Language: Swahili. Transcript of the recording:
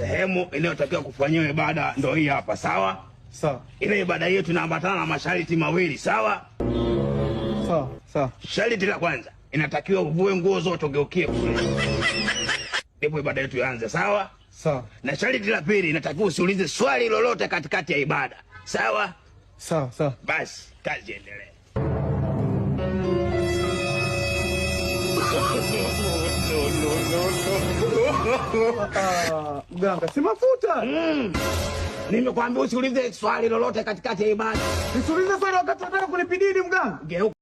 sehemu inayotakiwa kufanyiwa ibada ndio hii hapa, sawa sawa. Ile ibada hiyo tunaambatana na masharti mawili, sawa sawa sawa. Sharti la kwanza, inatakiwa uvue nguo zote, ugeukie ndipo ibada yetu ianze, sawa sawa. Na sharti la pili, inatakiwa usiulize swali lolote katikati ya ibada, sawa sawa sawa. Basi kazi endelee. Mganga si mafuta. Mm. Nimekwambia usiulize swali lolote katikati ya ibada. Usiulize swali wakati unataka kunipidini mganga.